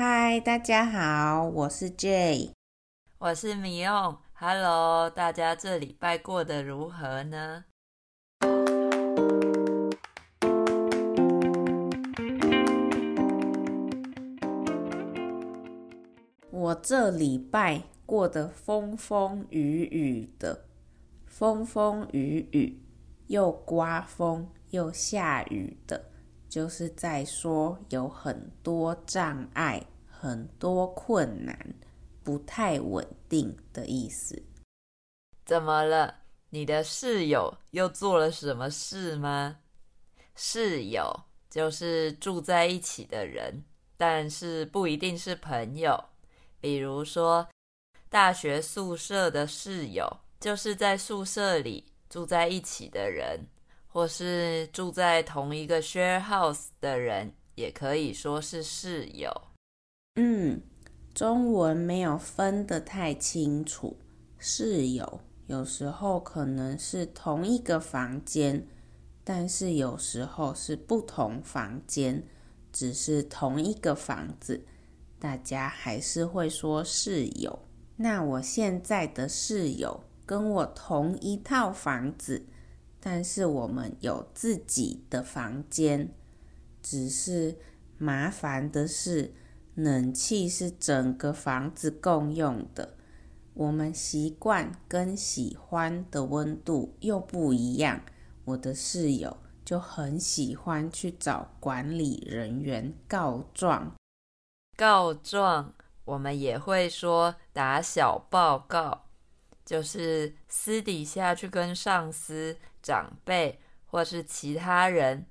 嗨，Hi, 大家好，我是 Jay。我是米歐，Hello，大家這禮拜過得如何呢？我這禮拜過得風風雨雨的，風風雨雨，又颳風又下雨的。就是在說有很多障礙、很多困難、不太穩定的意思。怎麼了？你的室友又做了什麼事嗎？室友就是住在一起的人，但是不一定是朋友。比如說，大學宿舍的室友就是在宿舍裡住在一起的人。或是住在同一個 share house 的人，也可以說是室友。嗯，中文沒有分得太清楚，室友有時候可能是同一個房間，但是有時候是不同房間，只是同一個房子，大家還是會說室友。那我現在的室友跟我同一套房子。但是我們有自己的房間，只是麻煩的是，冷氣是整個房子共用的。我們習慣跟喜歡的溫度又不一樣，我的室友就很喜歡去找管理人員告狀。告狀，我們也會說打小報告，就是私底下去跟上司。長輩或是其他人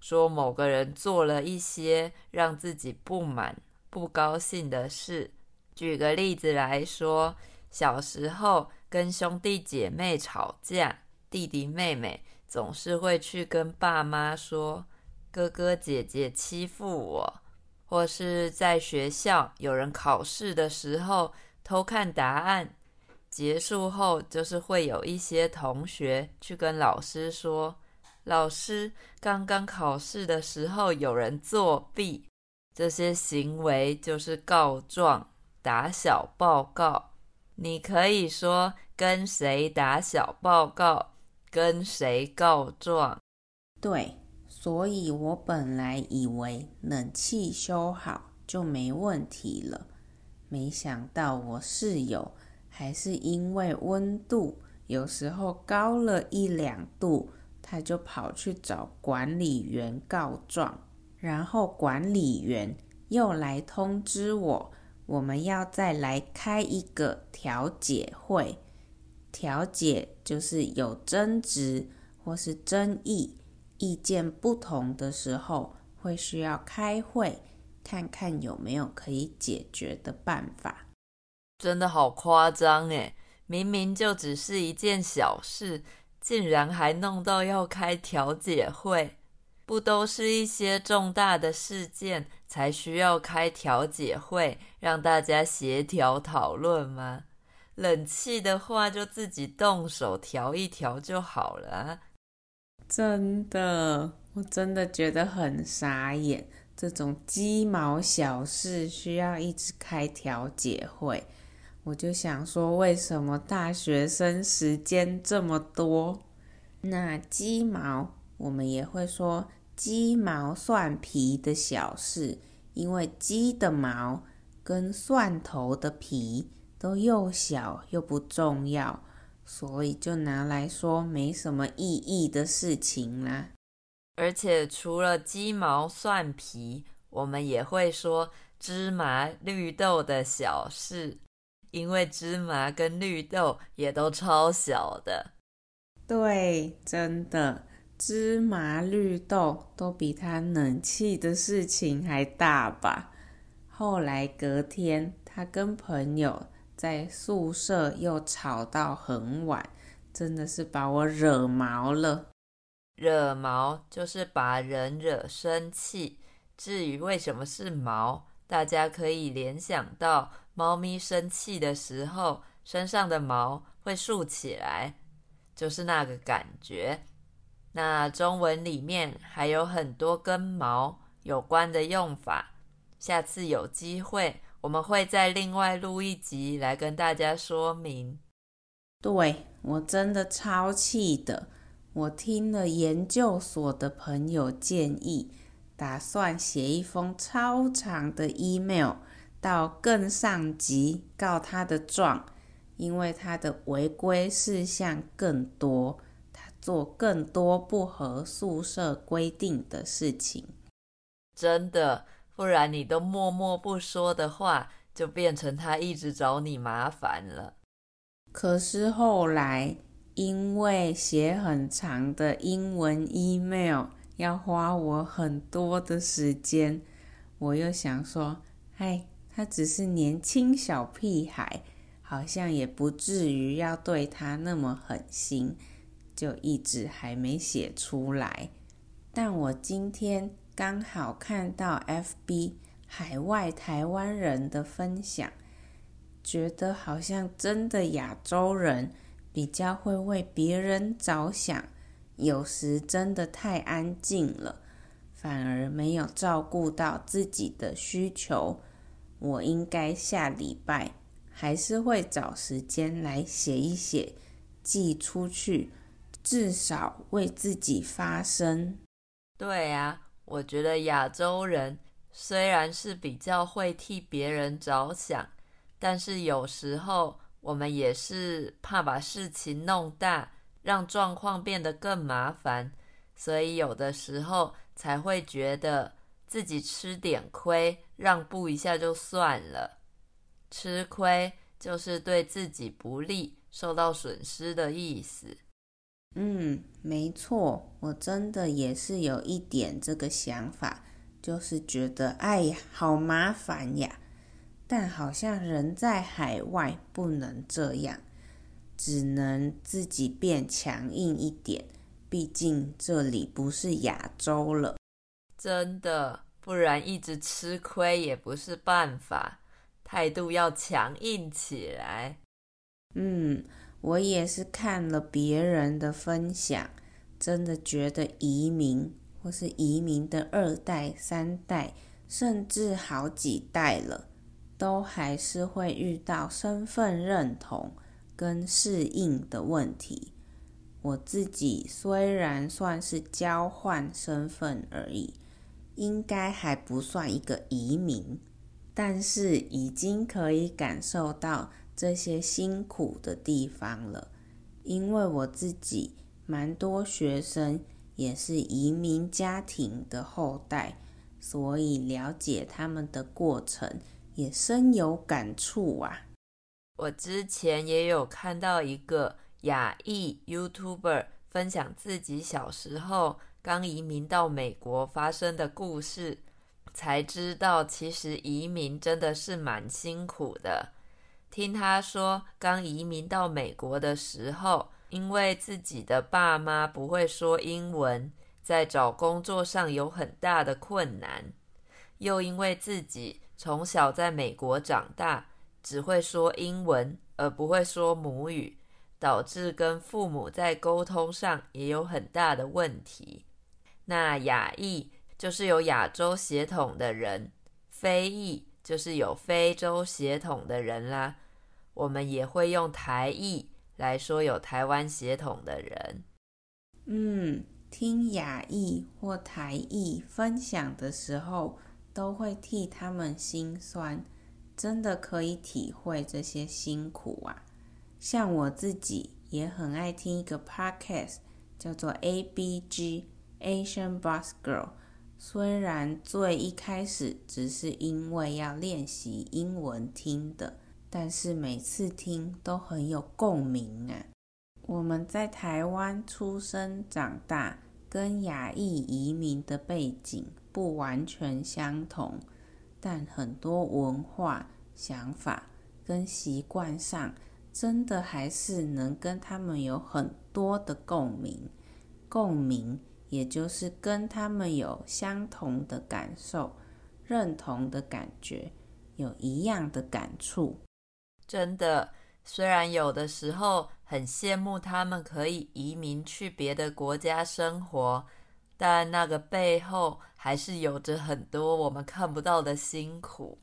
說某個人做了一些讓自己不滿、不高興的事。舉個例子來說，小時候跟兄弟姐妹吵架，弟弟妹妹總是會去跟爸媽說：“哥哥姐姐欺負我。”或是在學校有人考試的時候偷看答案。結束後，就是會有一些同學去跟老師說：“老師，剛剛考試的時候有人作弊。”這些行為就是告狀、打小報告。你可以說跟誰打小報告，跟誰告狀。對，所以我本來以為冷氣修好就沒問題了，沒想到我室友。還是因為溫度有時候高了一兩度，他就跑去找管理員告狀，然後管理員又來通知我，我們要再來開一個調解會。調解就是有爭執或是爭議、意見不同的時候，會需要開會，看看有沒有可以解決的辦法。真的好誇張哎，明明就只是一件小事，竟然還弄到要開調解會。不都是一些重大的事件才需要開調解會，讓大家協調討論嗎？冷氣的話，就自己動手調一調就好了啊。真的，我真的覺得很傻眼。這種雞毛小事需要一直開調解會。我就想說，為什麼大學生時間這麼多？那雞毛，我們也會說雞毛蒜皮的小事，因為雞的毛跟蒜頭的皮都又小又不重要，所以就拿來說沒什麼意義的事情啦。而且除了雞毛蒜皮，我們也會說芝麻綠豆的小事。因為芝麻跟綠豆也都超小的，對，真的，芝麻綠豆都比他冷氣的事情還大吧？後來隔天他跟朋友在宿舍又吵到很晚，真的是把我惹毛了。惹毛就是把人惹生氣。至於為什麼是毛？大家可以聯想到，貓咪生氣的時候，身上的毛會豎起來，就是那個感覺。那中文裡面還有很多跟毛有關的用法，下次有機會，我們會再另外錄一集來跟大家說明。對，我真的超氣的，我聽了研究所的朋友建議。打算寫一封超長的 email 到更上級告他的狀，因為他的違規事項更多，他做更多不合宿舍規定的事情。真的，不然你都默默不說的話，就變成他一直找你麻煩了。可是後來，因為寫很長的英文 email。要花我很多的時間，我又想說，哎，他只是年輕小屁孩，好像也不至於要對他那麼狠心，就一直還沒寫出來。但我今天剛好看到 FB，海外台灣人的分享，覺得好像真的亞洲人比較會為別人着想。有時真的太安靜了，反而沒有照顧到自己的需求。我應該下禮拜還是會找時間來寫一寫，寄出去，至少為自己發聲。對啊，我覺得亞洲人雖然是比較會替別人着想，但是有時候我們也是怕把事情弄大。讓狀況變得更麻煩，所以有的時候才會覺得自己吃點虧，讓步一下就算了。吃虧就是對自己不利、受到損失的意思。嗯，沒錯，我真的也是有一點這個想法，就是覺得，哎呀，好麻煩呀。但好像人在海外不能這樣。只能自己變強硬一點，畢竟這裡不是亞洲了。真的，不然一直吃虧也不是辦法。態度要強硬起來。嗯，我也是看了別人的分享，真的覺得移民或是移民的二代、三代，甚至好幾代了，都還是會遇到身份認同跟適應的問題，我自己雖然算是交換身份而已，應該還不算一個移民，但是已經可以感受到這些辛苦的地方了。因為我自己蠻多學生也是移民家庭的後代，所以了解他們的過程也深有感觸啊。我之前也有看到一個亞裔 YouTuber 分享自己小時候剛移民到美國發生的故事，才知道其實移民真的是蠻辛苦的。聽他說，剛移民到美國的時候，因為自己的爸媽不會說英文，在找工作上有很大的困難，又因為自己從小在美國長大。只會說英文而不會說母語，導致跟父母在溝通上也有很大的問題。那亞裔就是有亞洲血統的人，非裔就是有非洲血統的人啦。我們也會用台裔來說有台灣血統的人。嗯，聽亞裔或台裔分享的時候，都會替他們心酸。真的可以體會這些辛苦啊！像我自己也很愛聽一個 podcast 叫做 ABG Asian Boss Girl。雖然最一開始只是因為要練習英文聽的，但是每次聽都很有共鳴啊！我們在台灣出生長大，跟亞裔移民的背景不完全相同。但很多文化、想法跟習慣上，真的還是能跟他們有很多的共鳴。共鳴，也就是跟他們有相同的感受、認同的感覺，有一樣的感觸。真的，雖然有的時候很羨慕他們可以移民去別的國家生活。但那個背後還是有着很多我們看不到的辛苦。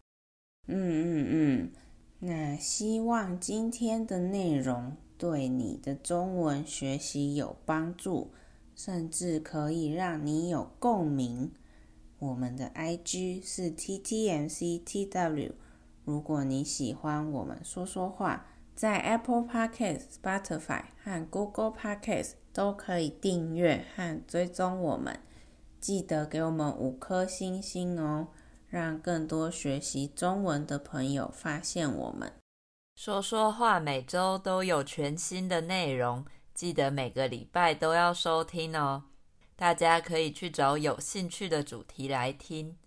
嗯嗯嗯，那希望今天的內容對你的中文學習有幫助，甚至可以讓你有共鳴。我們的 IG 是 TTMCTW。如果你喜歡我們說說話，在 Apple Podcasts、Spotify 和 Google Podcasts。都可以訂閱和追蹤我們，記得給我們五顆星星哦，讓更多學習中文的朋友發現我們。說說話每週都有全新的內容，記得每個禮拜都要收聽哦。大家可以去找有興趣的主題來聽。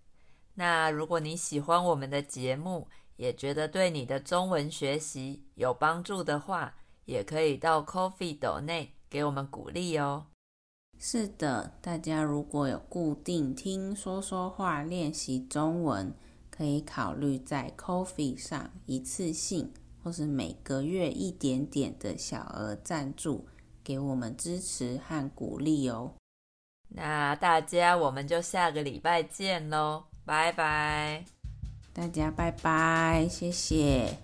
那如果你喜歡我們的節目，也覺得對你的中文學習有幫助的話，也可以到 Ko-fi 斗內，給我們鼓勵哦。是的，大家如果有固定聽說說話練習中文，可以考慮在 Ko-fi 上一次性，或是每個月一點點的小額贊助，給我們支持和鼓勵哦。那大家，我們就下個禮拜見嘍，拜拜！大家拜拜，謝謝。